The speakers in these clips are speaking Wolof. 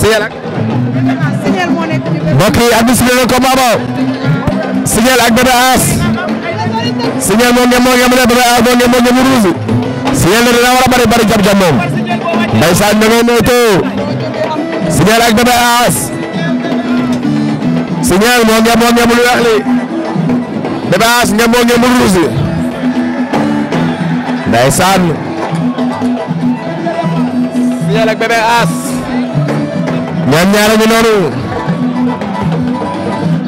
signal ak. mbokk yi Abdou signal ko Mbamba. signal ak Bébé As. signal moom ngeen moo ngeen mën a Bébé As moom ngeen moo ngeen mu ruusu. signal ne dina war a bari bari jam jam moom. ndeysaan da ngay moytoo. signal ak Bébé As. signal moo ngeen moo ngeen mu lu wax li Bébé Ass ngemboo ngembul ruus yi ndeysaan Signel ak Bébé Ass ñoom ñaar ñu noonu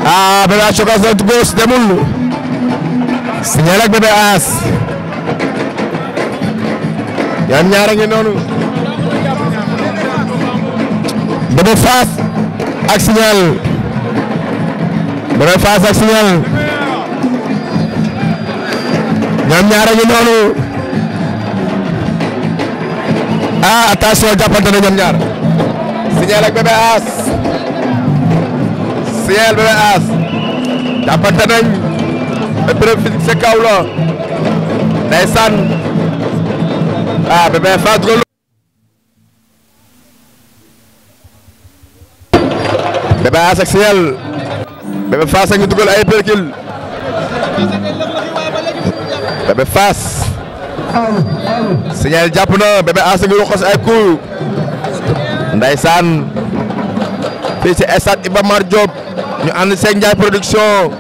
ah Bébé Ass cokaas na gauche demul Signel ak Bébé Ass ñoom ñaar ñu noonu Bébé Fass ak Signel Bébé Fass ak Signel ñoom ñaara ñu noonu ah attention jàppante na ñoom ñaar signal ak bébé aas signal bébé aas jàppante nañ épreuve physique sa kaw la ndeysaan ah bébé Fass dugal bébé aas ak signal bébé Fass a ngi dugal ay percule Bébé Fass Signal jàpp na Bébé Fass ngi roxos ay coup ndaysaan fii ci stade Iba Mar Diop ñu ànd seen Ndiaye production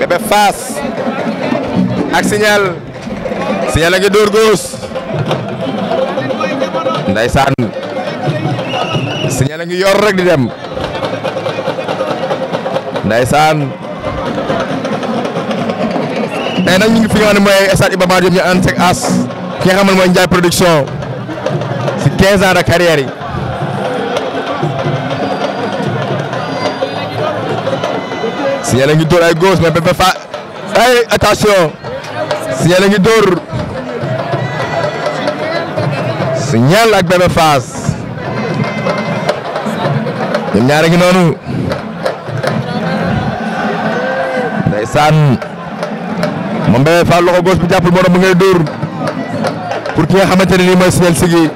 Bébé Fass ak Signal Signal a ngi dóor góos ndaysaan Signal a ngi yor rek di dem ndaysaan tey nag ñu ngi fi nga xam ne mooy stade Iba Mar Diop ñu ànd ak as ki mooy Ndiaye production si 15 ans de carrière si yéen ngi dóor ay gauche mais Bébé Fall ay attention si yéen ngi dóor si ñeel ak Bébé Fall ñaar ngi noonu Ama Mbaye Fall loxo gauche bi jàppul borom bi ngay dóor pour ki nga xamante ne nii mooy Signal Sigui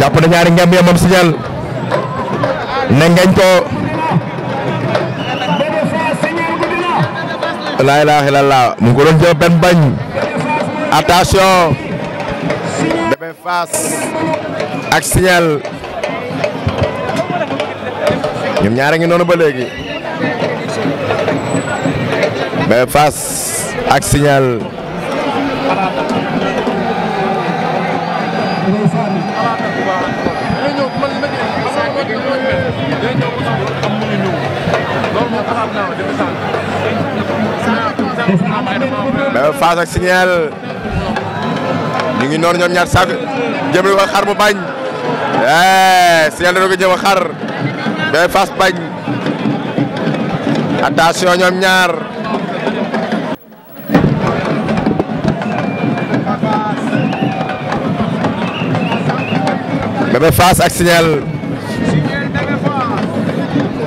jàpp na ñaari ngem ya moom Signal ne ngañ ko laa ilaaha illallaah mu ngi ko doon jël benn bañ attention Bébé ak Signal ñoom ñaare ngi noonu ba léegi Bébé Fass ak Signal Bébé Fass ak Signal ñu ngi noonu ñoom ñaar saako jëm ko xar mu bañ eh, Signal dana ko jëm xar Boy Fass bañ attention ñoom ñaar Bébé Fass ak Signel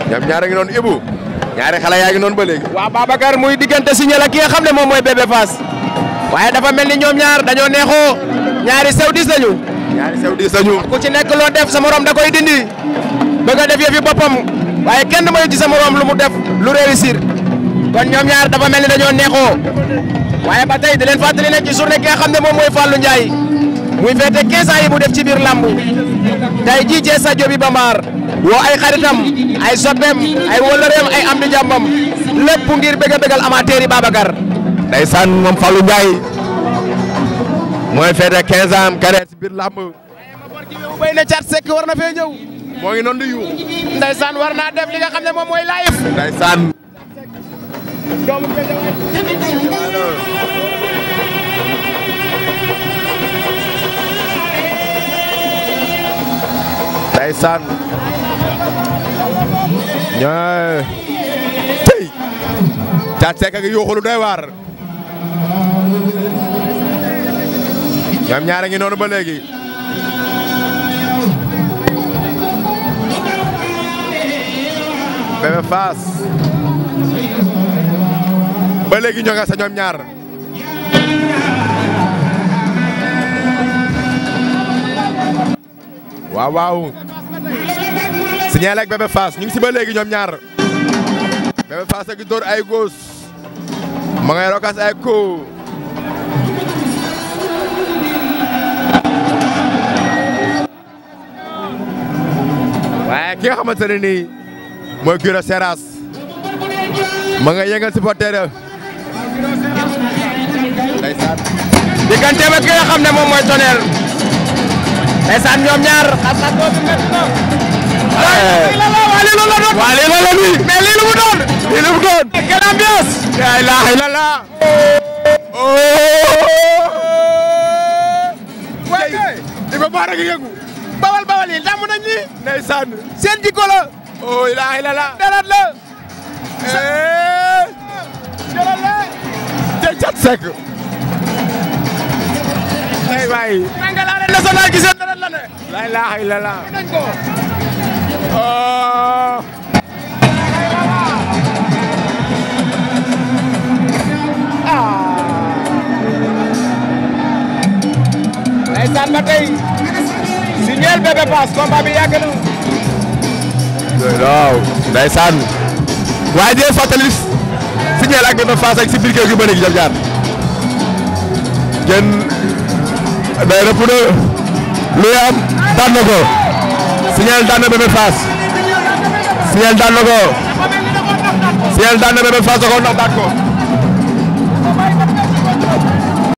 ñoom ñaar a ngi noonu Ibou ñaari xale yaa ngi ba léegi. waaw Babacar muy diggante Signel ak ki nga xam ne moom mooy Bébé Fass dafa mel ni ñoom ñaar dañoo neexoo ñaari sew diis lañu. ñaari sew diis lañu. ku ci nekk loo def sa morom da bëgg a def yëfi boppam waaye kenn mayu ci sa morom lu mu def lu réussir kon ñoom ñaar dafa mel ni dañoo neexoo waaye ba tey di leen fàttali ne ci journée ki xam ne moom mooy Fallou Ndiaye muy feete 15 ans yi mu def ci biir làmb tey jii ci stade bi Bambaar woo ay xaritam ay soppeem ay wëllëreem ay am di jàmbam lépp ngir bëgg am bëggal amateur yi Babacar. ndeysaan moom Fallou Ndiaye mooy feete 15 ans am carré biir làmb. war na fee moo ngi noonu di yuuxu. Ndeysaan war naa li nga xam ne moom mooy live. Ndeysaan. doomu Ndeysaan. ñooy. tey. Thiate Seck gi yuuxu lu doy waar. ñoom ñaar a ngi noonu ba Bébé Fass ba léegi ñoo nga sa ñoom ñaar waaw waaw signalé ak Bébé Fass ñu ngi si ba léegi ñoom ñaar Bébé Fass a ngi dóor ay góos ma ngay rokas ay ko waaye ki nga xamante ne nii mooy Guiro Seras ma nga yëngal supporter ya ndeysaan digganteem ak ki nga xam ne moom mooy Tonnerre ndeysaan ñoom ñaar xas-xas boobu metti na waa lii loolu la doon waa lii loolu la nii mais lii lu mu doon lii lu mu doon quelle ambiance la ilaha illallah oh! waay di ko baara gi yëngu bawal bawal yi damm nañ lii ndeysaan seen jikko la oh ilaaha illallah. deret la. deret eh. la. te Thiat Seck. ay waay. maa ngi laa leen national gisee deret la ne. la ilaaha illallah. nañ ko. oh. ah. ndeysaan ba tey. si ñeel bébé paas combat bi yàgg na. waaw ndeysaan waaye di leen fàttali signal ak dafa faas ak si biir kër gi ba léegi jam jaar kenn day rëpp na lu am daan na ko signal daan na Bébé Fass signal daan na ko signal daan na Bébé Fass ko ndax daan ko